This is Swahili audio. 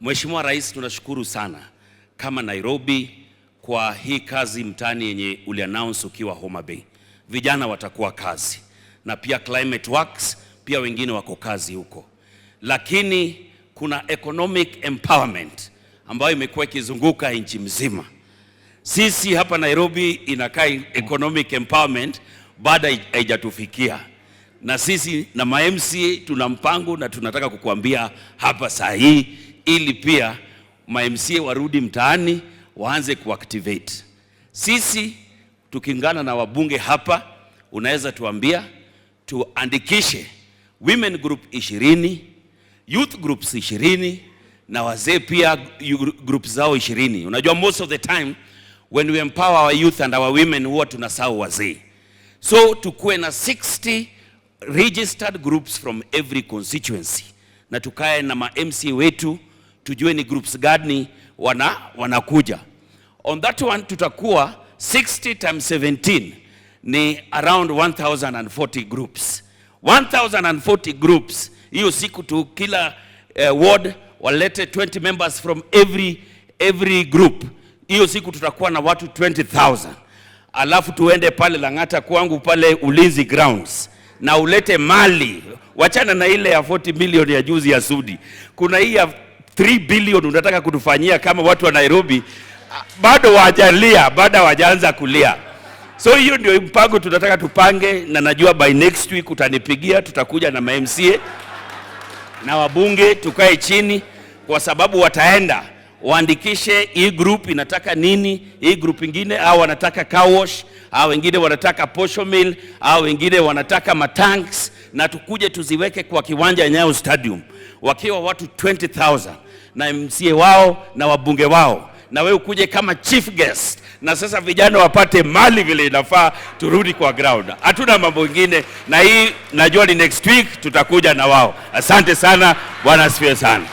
Mheshimiwa Rais, tunashukuru sana kama Nairobi kwa hii kazi mtani yenye uliannounce ukiwa Homa Bay. Vijana watakuwa kazi na pia Climate Works pia wengine wako kazi huko, lakini kuna economic empowerment ambayo imekuwa ikizunguka nchi mzima. Sisi hapa Nairobi inakaa economic empowerment baada haijatufikia, na sisi na ma-MCA tuna mpango na tunataka kukuambia hapa saa hii ili pia ma MCA warudi mtaani waanze kuactivate. Sisi tukiingana na wabunge hapa, unaweza tuambia tuandikishe women group ishirini, youth groups ishirini na wazee pia group zao ishirini. Unajua, most of the time when we empower our youth and our women huwa tunasahau wazee, so tukuwe na 60 registered groups from every constituency na tukae na ma MCA wetu tujue ni groups gani wana wanakuja. On that one tutakuwa 60 times 17 ni around 1040 groups. 1040 groups hiyo siku tu, kila uh, ward walete 20 members from every every group. Hiyo siku tutakuwa na watu 20000 alafu tuende pale Lang'ata kwangu pale ulinzi grounds na ulete mali, wachana na ile ya 40 million ya juzi ya Sudi, kuna hii ya 3 billion unataka kutufanyia kama watu wa Nairobi ah, bado wajalia, bado wajaanza kulia. So hiyo ndio mpango tunataka tupange, na najua by next week utanipigia, tutakuja na MCA na wabunge tukae chini, kwa sababu wataenda waandikishe hii group inataka nini, hii group ingine, au wanataka car wash, au wengine wanataka posho mill, au wengine wanataka matanks na tukuje tuziweke kwa kiwanja ya Nyayo Stadium wakiwa watu 20000 na MCA wao na wabunge wao, na wewe ukuje kama chief guest, na sasa vijana wapate mali vile inafaa. Turudi kwa ground, hatuna mambo mengine, na hii najua ni next week tutakuja na wao. Asante sana, Bwana asifiwe sana.